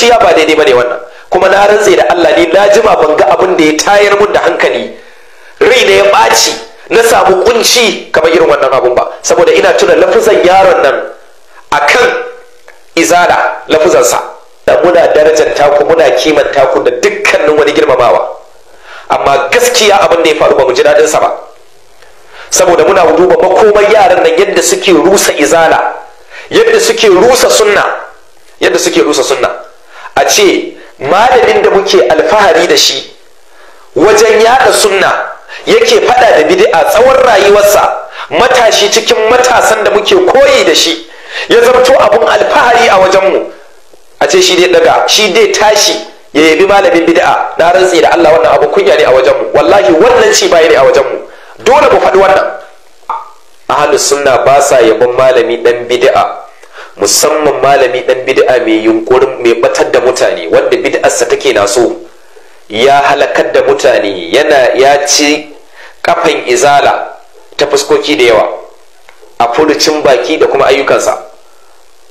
tabbatacciya ba daidai bane wannan kuma na rantse da Allah ne na jima ban ga abin da ya tayar mun da hankali rai da ya ɓaci na samu kunci kamar irin wannan abun ba saboda ina tuna lafuzan yaron nan akan izala lafuzansa da muna darajanta ku muna kimanta ku da dukkanin wani girmamawa amma gaskiya abin da ya faru ba mu ji daɗin sa ba saboda muna duba makomar yaran nan yadda suke rusa izala yadda suke rusa sunna yadda suke rusa sunna ce malamin da muke alfahari da shi wajen yada sunna yake fada da bid'a tsawon rayuwarsa matashi cikin matasan da muke koyi da shi ya zarto abun alfahari a wajenmu a ce shi dai daga shi dai tashi ya yabi malamin bid'a na rantsi da Allah wannan abu kunya ne a wajenmu wallahi wannan ci baya ne a wajenmu dole mu faɗi wannan ahlus sunna ba sa yabon malami dan bid'a musamman malami dan bid'a mai yunkurin mai batar da mutane wanda bid'arsa take na so ya halakar da mutane yana ya ci kafan izala ta fuskoki da yawa a furucin baki da kuma ayyukansa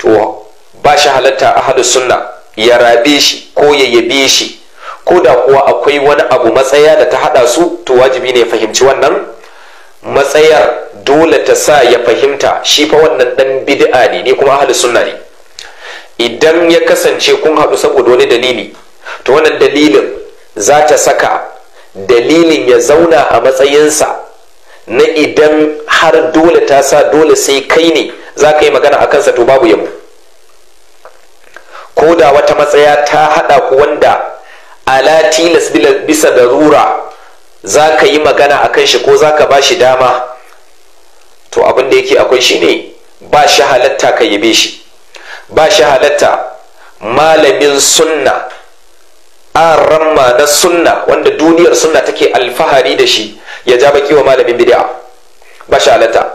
to ba shi halatta ahadu sunna ya rabe shi ko ya yabe shi ko da kuwa akwai wani abu matsaya da ta hada su to wajibi ne fahimci wannan matsayar dole ta sa ya fahimta shi fa wannan dan bid'a ne ni kuma ahli sunna ne idan ya kasance kun haɗu saboda wani dalili to wannan dalilin za ta saka dalilin ya zauna a matsayinsa na idan har dole ta sa dole sai kai ne za ka yi magana a kansa to babu yabo ko da wata matsaya ta haɗa ku wanda ala tilas bisa darura za ka yi magana a kan shi ko za ka ba shi dama to abin da yake akwai shine ba shi halatta ka yabe shi ba shi halatta malamin sunna an ramma na sunna wanda duniyar sunna take alfahari da shi ya ja baki wa malamin bid'a ba shi halatta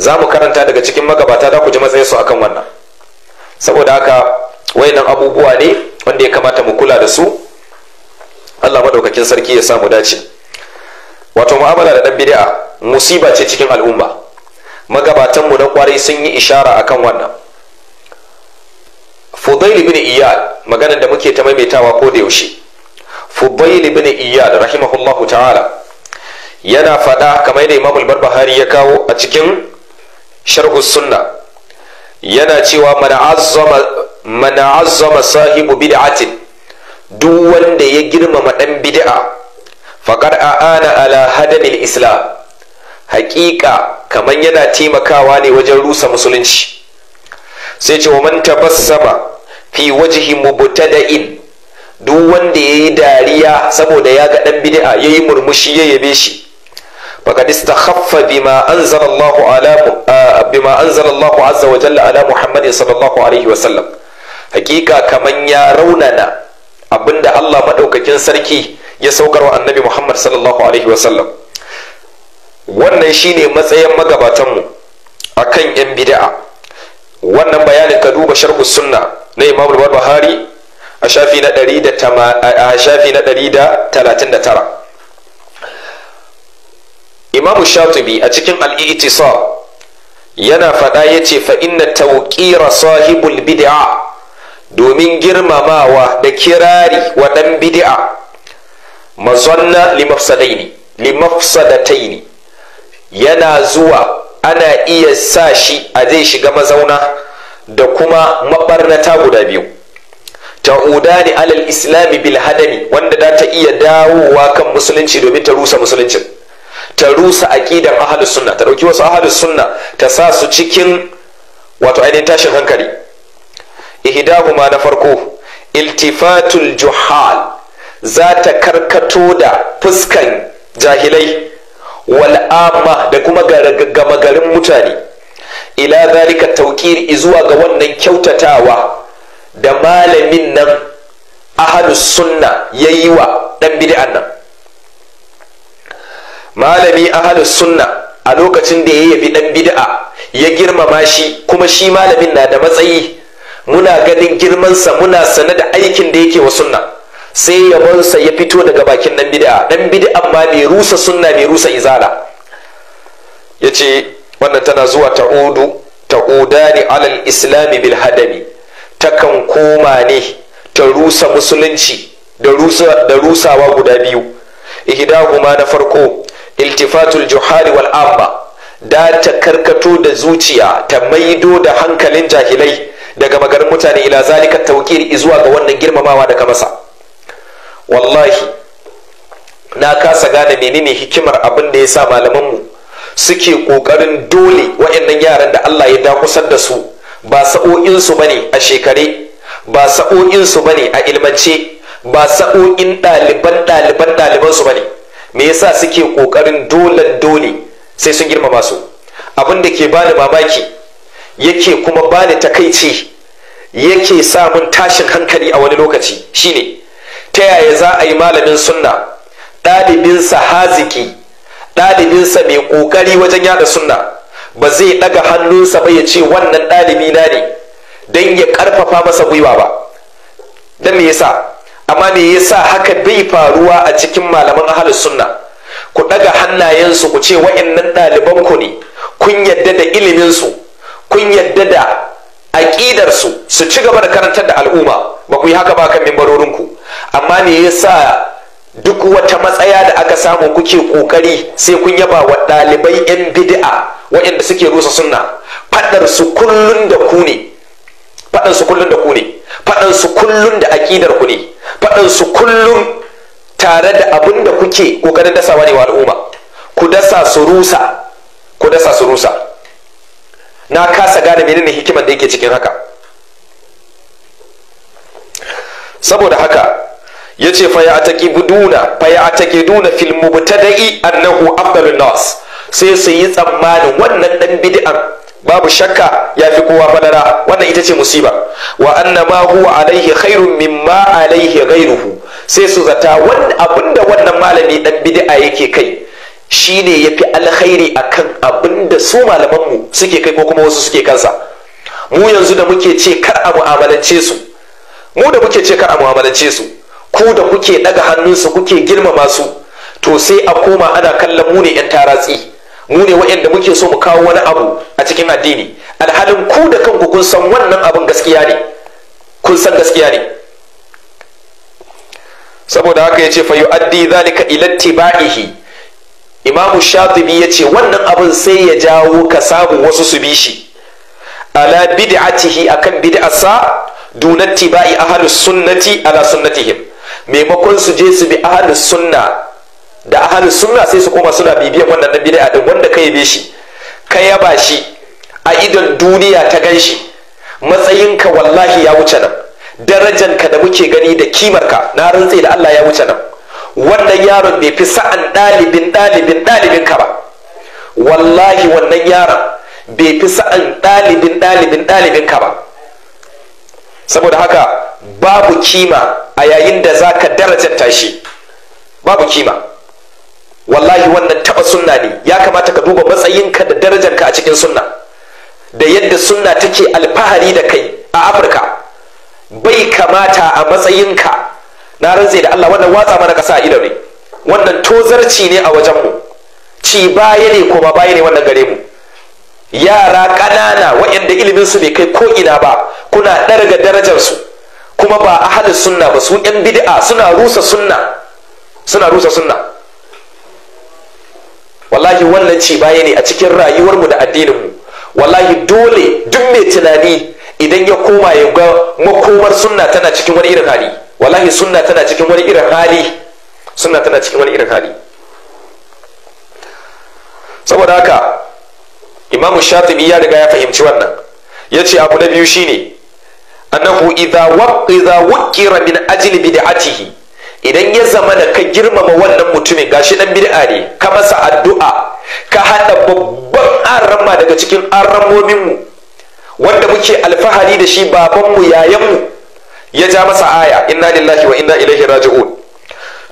za mu karanta daga cikin magabata da ku ji su akan wannan saboda haka wayannan abubuwa ne wanda ya kamata mu kula da su Allah madaukakin sarki ya samu dace wato mu'amala da dan bid'a musiba ce cikin al'umma magabatanmu na kwarai sun yi ishara akan wannan fudail bin iyad maganar da muke ta maimaitawa ko da yaushe fudail bin iyad rahimahullahu ta'ala yana fada kamar da imamul barbahari ya kawo a cikin sharhu sunna yana cewa mana azzama sahibu bid'atin duk wanda ya girmama dan bid'a faqad aana ala hadanil islam Haƙiƙa kamar yana taimakawa ne wajen rusa musulunci sai ce wa man tabassama fi wajihi wajhi mubtada'in duk wanda yayi dariya saboda ya ga dan bid'a yayi murmushi ya yabe shi faqad istakhaffa bima anzala Allah ala bima anzala Allah azza wa jalla ala Muhammad sallallahu alaihi wa ya raunana abinda Allah madaukakin sarki ya saukar wa annabi Muhammad wannan shine matsayin magabatanmu akan yan bid'a wannan bayanin ka duba sharhu sunna na imam al-bahari a shafi na 139 imam shatibi a cikin al yana faɗa ya ce inna tauƙira sahibul bid'a domin girmamawa da kirari wa ɗan bid'a mazanna limafsadaini limafsadataini yana zuwa ana iya sa shi a zai shiga mazauna da kuma mabarnata guda biyu ta'udani alal islami bil hadami wanda da ta iya dawowa kan musulunci domin ta rusa musulunci ta rusa aqidan ahlus sunna ta dauki wasu ahlus sunna ta sa su cikin wato ainihin tashin hankali ihdahuma na farko iltifatul juhal za ta karkato da fuskan jahilai wal'amma da kuma gama garin mutane ila zalika tauƙiri zuwa ga wannan kyautatawa da malamin nan ahalu sunna ya yi wa ɗan bid'an nan malami ahalu sunna a lokacin da ya yabi ɗan bid'a ya girmama shi kuma shi malamin na da matsayi muna ganin girmansa muna sane da aikin da yake wa sunna sai yabonsa ya fito daga bakin nan bid'a dan bid'a ma mai rusa sunna mai rusa izala yace wannan tana zuwa ta'udu ta'udani alal islami bil hadami kan koma ne ta rusa musulunci da rusa da rusawa guda biyu ihdahuma na farko iltifatul juhari wal amma da ta karkato da zuciya ta maido da hankalin jahilai daga magarin mutane ila zalika tawqir zuwa ga wannan girmamawa da ka masa wallahi na kasa gane menene hikimar abin da ya sa malamanmu suke ƙoƙarin dole waɗannan yaran da Allah ya da dakusar da su ba sa'o'insu bane a shekare ba sa'o'insu bane a ilmance ba sa'o'in ɗaliban ɗaliban ɗalibansu ba ne me yasa suke ƙoƙarin dole dole sai sun girmama su abin da ke bani mamaki yake kuma bani takaici yake samun tashin hankali a wani lokaci shine ta yaya za a yi malamin sunna ɗalibinsa haziki ɗalibinsa mai ƙoƙari wajen yada sunna ba zai ɗaga hannunsa ba ya ce wannan ɗalibi na ne don ya ƙarfafa masa gwiwa ba don me yasa amma me yasa haka bai faruwa a cikin malaman ahalus sunna ku ɗaga hannayensu ku ce wa'annan ɗaliban ku ne kun yadda da iliminsu kun yadda da aƙidarsu su ci gaba da karantar da al'umma ba ku yi haka ba kan mimbarorinku amma me yasa duk wata matsaya da aka samu kuke kokari sai kun yaba wa ɗalibai 'yan bid'a waɗanda suke rusa sunna fadar su kullun da ku ne faɗan su kullun da ku ne fadar su kullun da aqidar ku ne fadar su kullun tare da abin da kuke kokarin dasawa ne wa al'umma ku dasa su rusa ku dasa su rusa na kasa gane menene hikimar da yake cikin haka saboda haka ya ce fa ya taƙi buduna fa ya taƙi duna ta da'i annahu afdalun nas sai su yi tsammanin wannan ɗan bid'an babu shakka ya fi kowa fadara wannan ita ce musiba wa anna ma huwa alaihi khairun mimma alaihi ghairuhu sai su zata abinda wannan malami ɗan bid'a yake kai shi ne ya fi alkhairi akan abinda su malamanmu suke kai ko kuma wasu suke kansa mu yanzu da muke ce kar a mu'amalance su mu da kuke ce kar a mu'amalance su ku da kuke daga hannunsu kuke girmama su to sai a koma ana kallon mu ne yan taratsi mu ne wa'anda muke so mu kawo wani abu a cikin addini alhalin ku da kanku kun san wannan abin gaskiya ne kun san gaskiya ne saboda haka ya ce fa yu'addi zalika ila tibaihi imamu shatibi ya ce wannan abin sai ya jawo ka samu wasu su bi shi ala bid'atihi akan bid'arsa dunatti ba'i ahalus sunnati ala sunnatihim maimakon su je su bi ahalus sunna da ahalus sunna sai su koma suna bibiyan wannan na bid'a din wanda ka yabe shi ka yaba shi a idon duniya ta gan shi matsayinka wallahi ya wuce nan darajanka da muke gani da kimarka na rantse da Allah ya wuce nan wannan yaron bai fi sa'an dalibin dalibin dalibin ka ba wallahi wannan yaron bai fi sa'an dalibin dalibin dalibin ka ba saboda haka babu kima a yayin da za ka darajanta shi babu kima wallahi wannan taba sunna ne ya kamata ka duba matsayinka da darajarka a cikin sunna da yadda sunna take alfahari da kai a afirka bai kamata a matsayinka na rantse da allah wannan watsa mana kasa a ido ne wannan tozarci ne a wajenmu ci baya ne ko baya ne wannan gare mu yara ƙanana waɗanda ilimin su bai kai ko ina ba kuna ɗarga darajar su kuma ba ahalin sunna ba su ɗan bid'a suna rusa sunna suna rusa sunna wallahi wannan ci baya ne a cikin rayuwarmu da addininmu wallahi dole duk mai tunani idan ya koma ya ga makomar sunna tana cikin wani irin hali wallahi sunna tana cikin wani irin hali sunna tana cikin wani irin hali saboda haka imam shatibi ya riga ya fahimci wannan ya ce abu na biyu shine annahu idza wukira min ajli bid'atihi idan ya zama da ka girmama wannan mutumin gashi dan bid'a ne ka masa addu'a ka hada babban arama daga cikin arramomin mu wanda muke alfahari da shi baban mu yayan mu ya ja masa aya inna lillahi wa inna ilaihi raji'un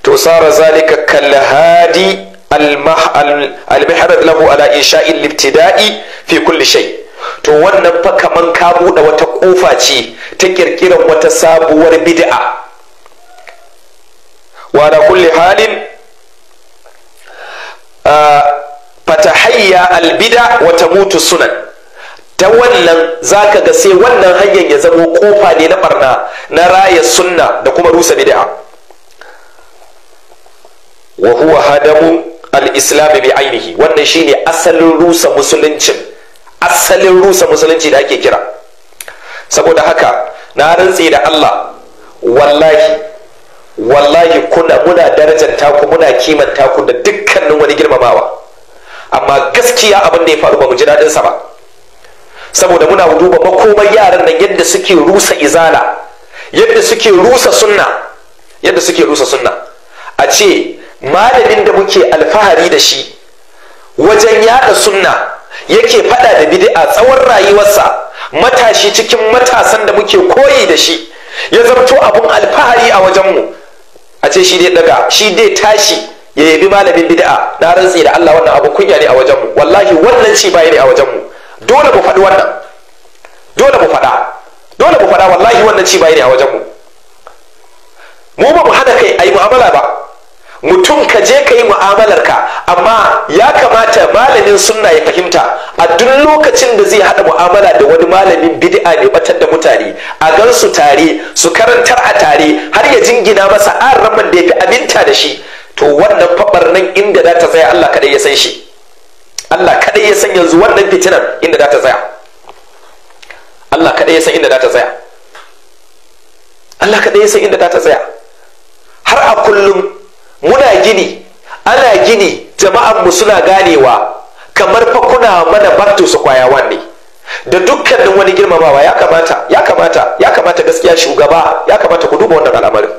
to sara zalika kal hadi almihrad lahu ala insha'il libtida'i fi kulli shay to wannan fa kaman ka buɗe wata kofa ce ta ƙirƙirar wata sabuwar bid'a wa kulli halin fatahayya albida wata mutu sunan ta wannan zaka ga sai wannan hanyar ya zamo kofa ne na barna na raya sunna da kuma rusa bid'a wa huwa hadamu al islami bi ainihi wannan shine asalin rusa musuluncin asalin rusa musulunci da ake kira saboda haka na rantse da Allah wallahi wallahi kuna muna darajanta ku muna kimanta ku da dukkanin wani girmamawa amma gaskiya abin da ya faru ba mu ji daɗin sa ba saboda muna duba makomar yaran nan yadda suke rusa izala yadda suke rusa sunna yadda suke rusa sunna a ce malamin da muke alfahari da shi wajen yada sunna yake fada da bid'a tsawon rayuwarsa matashi cikin matasan da muke koyi da shi ya zarto abun alfahari a wajenmu a ce shi dai daga shi dai tashi ya yabi malamin bid'a na rantsi da Allah wannan abu kunya ne a wajenmu wallahi wannan ci bai ne a wajenmu dole mu faɗi wannan dole mu faɗa dole mu faɗa wallahi wannan ci bai ne a wajenmu mu ba mu hada kai ayi mu'amala ba mutum ka je ka yi mu'amalarka amma ya kamata malamin sunna ya fahimta a duk lokacin da zai haɗa mu'amala da wani malamin bid'a ne batar da mutane a gan su tare su karantar a tare har ya jingina masa an raman da ya fi aminta da shi to wannan faɓar nan inda za ta tsaya Allah kaɗai ya san shi Allah kaɗai ya san yanzu wannan fitinar inda za ta tsaya Allah kaɗai ya san inda za ta tsaya Allah kaɗai ya san inda za ta tsaya har a kullum muna gini ana gini jama'an mu suna ganewa kamar fa kuna mana bato su kwayawan ne da dukkanin wani girmamawa ya kamata ya kamata ya kamata gaskiya shugaba ya kamata ku duba wannan al'amarin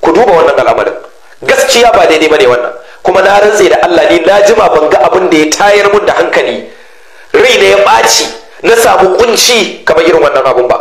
ku duba wannan al'amarin gaskiya ba daidai bane wannan kuma na rantse da Allah ne na jima ban ga abin da ya tayar mun da hankali rai da ya ɓaci na samu kunci kamar irin wannan abun ba